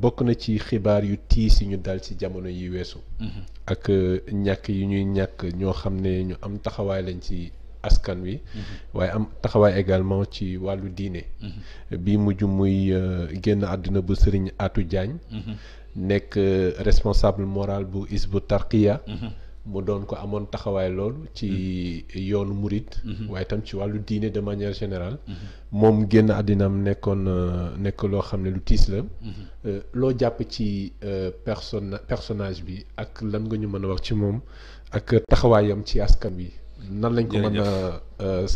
bokk na ci xibaar yu tiis yi ñu dal ci jamono yi weesu. Mm-hmm. ak euh, ñàkk yi ñuy ñàkk ñoo xam ne ñu am taxawaay lañ ci askan wi. Mm-hmm. waaye am taxawaay également ci wàllu diine. Mm-hmm. bi mujj muy euh, génn àdduna bu Serigne Atou Diagne. nekk euh, responsable moral bu Hizbut Tarqiyyah. mu doon ko amoon taxawaay loolu ci mm-hmm. yoonu murit mm-hmm. waaye itam ci wàllu diine de manière générale mm-hmm. moom génn àddinaam nekkoon euh, nekk loo xam ne lu tiis la euh, loo jàpp ci euh, personne personnage bi ak lan nga ñu mën a wax ci moom ak taxawaayam ci askan bi nan lañ ko mën a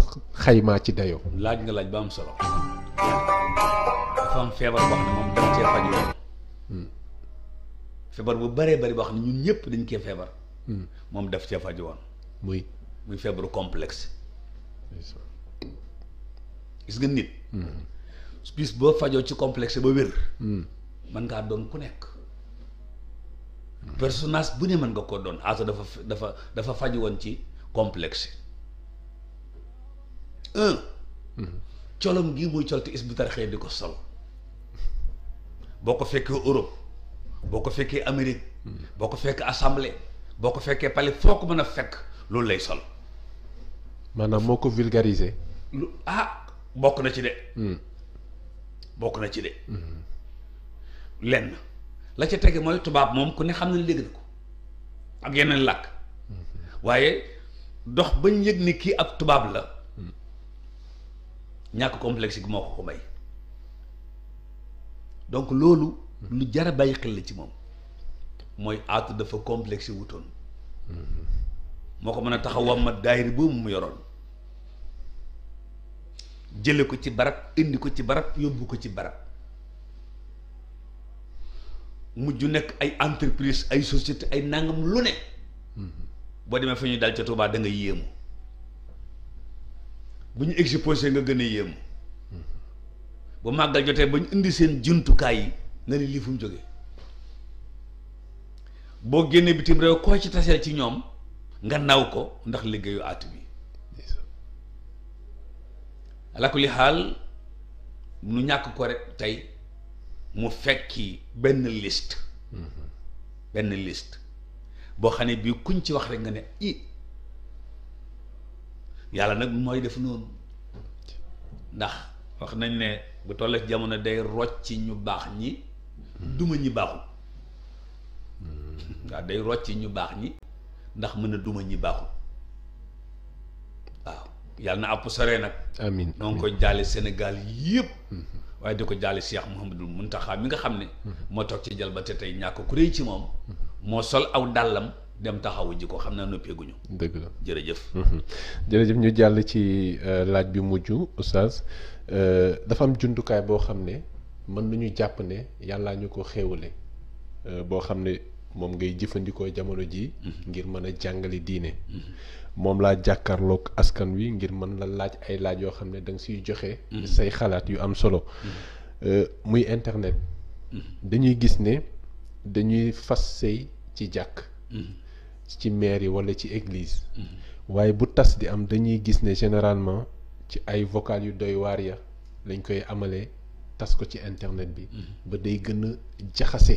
xaymaa ci dayoo laaj nga laaj ba am solo feebar boo xam ne moom hmm. bu bëree bëri boo xam ne ñun ñëpp dañ cee feebar moom daf cee faju woon muy muy feebaru complex gis nga nit mm-hmm. bis boo fajoo ci complexe ba wér man mm. ngaa doon ku nekk personnage bu ne mën nga ko doon aata dafa dafa dafa faju woon ci complexe un mm-hmm. colom gi muy col te is bu tarxee di ko sol boo ko fekkee Europe boo ko fekkee amerique mm-hmm. boo ko fekkee assemblée boo ko fekkee pale foo ko mën a fekk loolu lay sol. maanaam moo ko vulgariser. lu ah bokk na ci de. Hmm. bokk na ci de. lenn la ca tege mooy tubaab moom ku ne xam na ne dégg na ko ak yeneen làkk waaye dox bañ yëg ni kii ak tubaab la ñàkk complexe gi moo ko ko may donc loolu lu jara a bàyyi xel la ci moom. mooy aatu dafa complexe wutoon mm-hmm. moo ko mën a tax a wàmmat daayir boobu mu yoroon jële ko ci barab indi ko ci barab yóbbu ko ci barab mujj nekk ay entreprise ay société ay nangam lu ne mm-hmm. boo demee fa ñuy dal ca Tuubaa da nga yéemu bu ñu exposé nga gën a yéemu mm-hmm. bu màggal jotee ba ñu indi seen jumtukaay yi nga ne lii fu mu jógee boo génnee bitim réew koo ci tasee ci ñoom nga naw ko ndax liggéeyu àtt bi alakuli xaal nu ñàkk ko rek tey mu fekki benn list benn list boo xam ne bii kuñ ci wax rek nga ne yàlla nag mooy def noonu ndax wax nañ ne bu toll jamono day rocc ñu baax ñi duma ñi baaxu waaw day rocc ñu baax ñi ndax mën a duma ñi baaxul waaw yàlla na àpp sore nag amiin noo ngi koy jaale Sénégal yëpp mhm. waaye di ko jàll jaale Cheikh Mouhamadul Muntaxa mi nga xam ne moo toog ci jalbate tey ñàkk ku réy ci moom mhm. moo sol aw dàllam dem taxawu ji ko xam naa noppeeguñu dëgg la jërëjëf mhm. jërëjëf ñu jàll ci euh, laaj bi mujj oustaz euh, dafa am jumtukaay boo xam ne mën nañu jàpp ne yàllaa ñu ko xéewale euh, boo xam ne moom ngay jëfandikoo jamono ji mhm. ngir mën a jàngale diine mhm. moom laa jàkkarlook askan wi ngir mën la laaj ay laaj yoo xam ne da nga siy joxe mhm. say xalaat yu am solo euh, muy internet dañuy gis ne dañuy fas sëy ci jàkk ci maire yi walla ci église waaye bu tas di am dañuy gis ne généralement ci ay vocal yu doy waar ya lañ koy amalee tas ko ci internet bi ba day gën a jaxase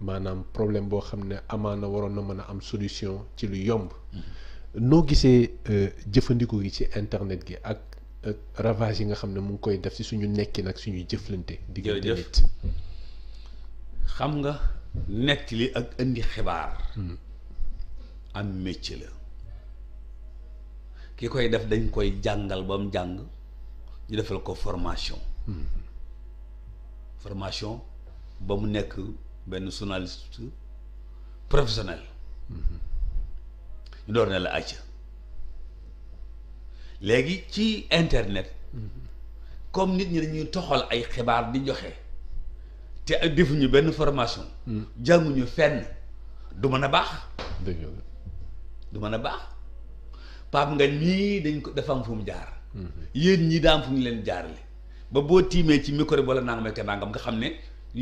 maanaam problème boo xam ne na waroon na mën a am solution ci lu yomb mhm. noo gisee euh, jëfandikoo gi ci internet gi ak ravage yi nga xam ne mu ngi koy def ci suñu nekkin nag suñuy jëflante diggante nit xam nga li ak indi xibaar hmm. am métier la ki koy def dañ koy jàngal ba mu jàng ñu defal ko formation hmm. formation ba mu nekk benn journaliste professionnel ñu door ne la acca léegi ci internet comme nit ñi dañuy toxal ay xibaar di joxe te defuñu benn formation hmm. jànguñu fenn du mën a baax du mën a baax Pape nga nii dañ ko dafa am jaar hmm. yéen ñii daa fu ñu leen jaarale ba boo tiimee ci micro bi wala naan may te nangam nga xam ne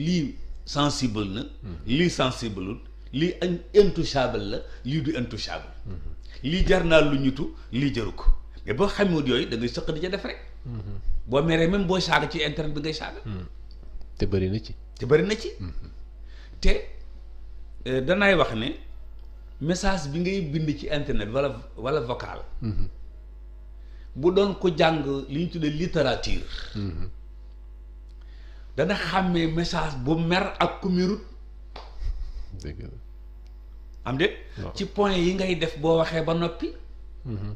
lii sensible na mhm. lii sensible lii intouchable la lii du intouchable mhm. lii jar naa lu ñutu lii jaru ko mais boo xamut yooyu da ngay sëq di ca def rek mhm. boo meree même boo saaga ci internet bi ngay saaga te bari na ci te bari na ci te euh, danaay wax ne message bi ngay bind ci internet wala wala vocal bu doon ko jàng li ñu tuddee littérature dana xàmmee message bu mer ak ku merut am déet ci point yi ngay def boo waxee ba noppi mm-hmm.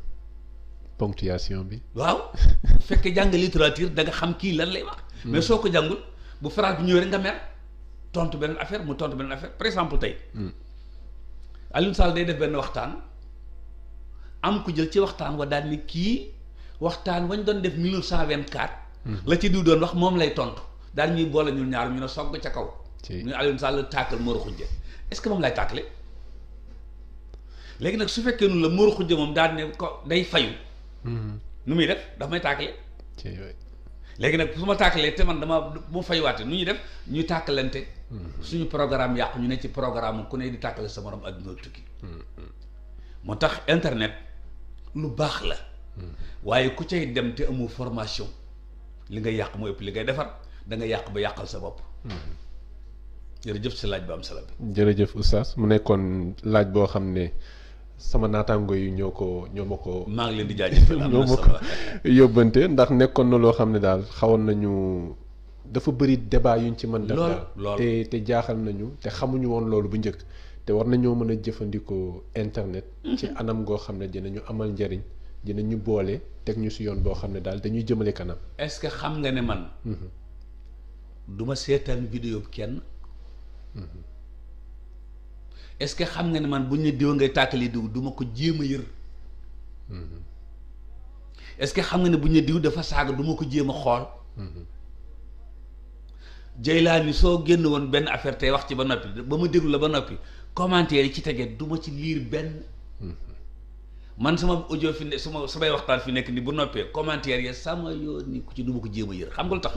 ponctuation bi waaw fekk jàng littérature da nga xam kii lan lay wax mm-hmm. mais soo ko jàngul bu phrase bi ñëwee rek nga mer tontu beneen affaire mu tontu beneen affaire par exemple tey mm. Alioune Sall day def benn waxtaan am ku jël ci waxtaan wa daal ni kii waxtaan wañ doon def 1924 mm-hmm. la ci diw doon wax moom lay tontu daal ñuy boole ñun ñaar ñu ne sogg ca kaw. ñu Alioune Sall tàkkal Mor Khoudia est-ce que moom lay tàkkale léegi nag su fekkee nu la Mor Khoudia moom daal ne ko day fayu. Hmm. nu muy def daf may tàkkale. léegi nag su ma tàkkalee te man dama mu fayuwaate nu ñuy def ñu tàkkalante. Hmm. suñu programme yàqu ñu ne ci programme ku ne di tàkkale sa morom adduna tukki. Hmm, moo tax internet lu baax la. waaye ku cay dem te amul formation li ngay yàq moo ëpp li ngay defar. da nga yàq ba yàqal sa bopp. jërëjëf si laaj bu am solo jërëjëf oustaz mu nekkoon laaj boo xam ne. sama naataango yi ñoo ko ñoo ma ko. maa leen di jaajëfal ñoo ma yóbbante ndax nekkoon na loo xam ne daal xawoon nañu dafa bëri débat yuñ ci mën. lool lool te te jaaxal nañu te xamuñu woon loolu bu njëkk te war nañoo mën a jëfandikoo internet. ci mhm. anam goo xam ne dinañu amal njariñ ñu boole teg ñu si yoon boo xam ne daal dañuy jëmale kanam. est-ce que xam nga ne man. Mhm. duma ma seetaan vidéo kenn est-ce que xam nga ne man bu ñu ne diwa ngay tàkkali diw du ma ko jéem a yër est-ce que xam nga ne bu ñu ne diw dafa saaga du ma ko jéem a xool Jaylaani soo génn woon benn affaire tey wax ci ba noppi ba ma déglu la ba noppi commentaire yi ci tege duma ci liir benn man sama audio fi ne sama samay waxtaan fi nekk ni bu noppee commentaire yi sama yoon ni ku ci du ko jéem a yër xam nga lu tax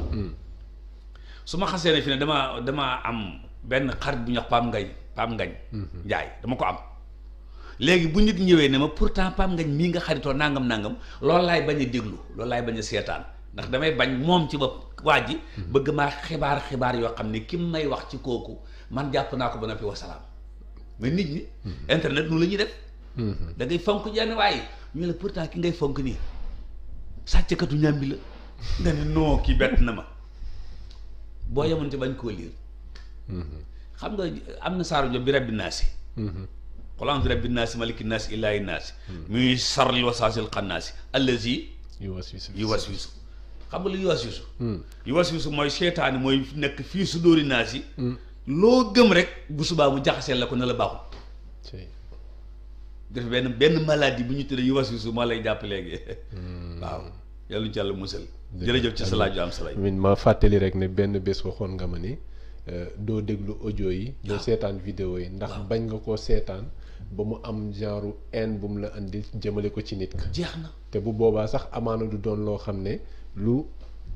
su ma xasee na fi ne damaa damaa am benn xarit bu ñu wax Pape Ngañ Pape Ngañ mhm. Njaay dama ko am léegi bu nit ñëwee ne ma pourtant Pape Ngañ mii nga xaritoo nàngam nangam loolu laay bañ a déglu loolu laay bañ a seetaan ndax damay bañ moom ci bopp waa ji mhm. bëgg ma xibaar xibaar yoo xam ne ki may wax ci kooku man jàpp naa ko ba noppi wasalaam mais nit ñi mhm. internet nu la ñuy def da fonk jenn waaye ñu la pourtant ki ngay fonk nii sàcckatu ñàmbi la nga ne non kii bett na ma boo yemoon ci bañ koo liir. xam nga am na saaru jom bi rabbi naasi. qul bi rabbi naasi maliki naasi ilaahi naasi. muy sarril wasaasil xannaasi allazi yuwaswisu yuwaswisu xam nga lu yuwaswisu. Hmm. yuwaswisu mooy seetaani mooy nekk fii su dóori naasi. loo gëm rek bu subaa mu jaxaseel la ko ne la baaxut. def benn benn maladie bu ñu tuddee yuwaswisu moo lay jàpp léegi. Hmm. waaw yàlla ñu ci yàlla jërëjëf ci sa am solo min ma fàttali rek ne benn bés waxoon nga ma ni euh, doo déglu audio yi ah. doo seetaan vidéo yi ndax bañ nga koo seetaan ba mu am genre haine bu mu la indi jëmale ko ci nit ka jeex na te bu boobaa sax amaana du doon loo xam ne lu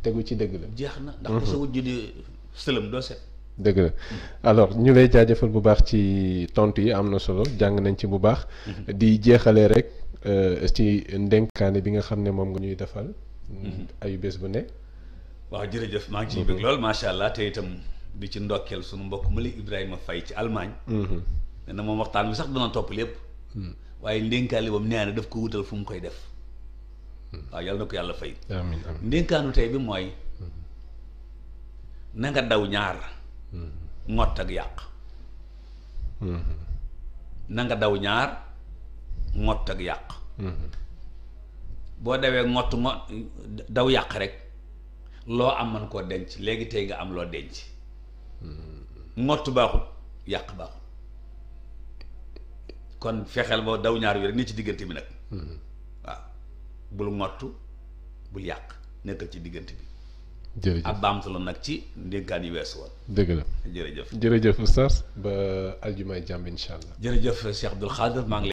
tegu ci dëgg la jeex na ndax mhm. di sëlëm dëgg la mm. alors ñu lay jaajëfal bu baax ci tontu yi am na solo jàng nañ ci bu baax mm-hmm. di jeexalee rek euh, ci ndenkaane bi nga xam ne moom nga ñuy defal Mm-hmm. ayu bés bu ne waaw jërëjëf maa ngi ciy mm-hmm. bëgg lool macha allah te itam bi ci ndokkeel suñu mbokk Mali Ibrahima fay ci Allemagne mm-hmm. nee moom waxtaan bi sax dana topp lépp mm. waaye ndénkaali bam nee daf ko wutal fu mu koy def mm. waaw yàlla ko yàlla fay amiin ndénkaanu tey bi mooy na nga daw ñaar ngott ak yàq na nga daw ñaar ngott ak yàq boo dawee ngott ngo daw yàq rek loo am man koo denc léegi tey nga am loo denc hmm. ngott baaxut yàq baaxut kon fexeel ba daw ñaar wi rek ni ci diggante bi nag hmm. waaw bul ngott bul yàq nekkal ci diggante bi jërëjëf ab baamtu la nag ci ndénkaan yi weesu woon. dëgg la jërëjëf jërëjëf oustaz ba aljumay jàmm incha allah. jërëjëf Cheikh Abdoul Khadir maa ngi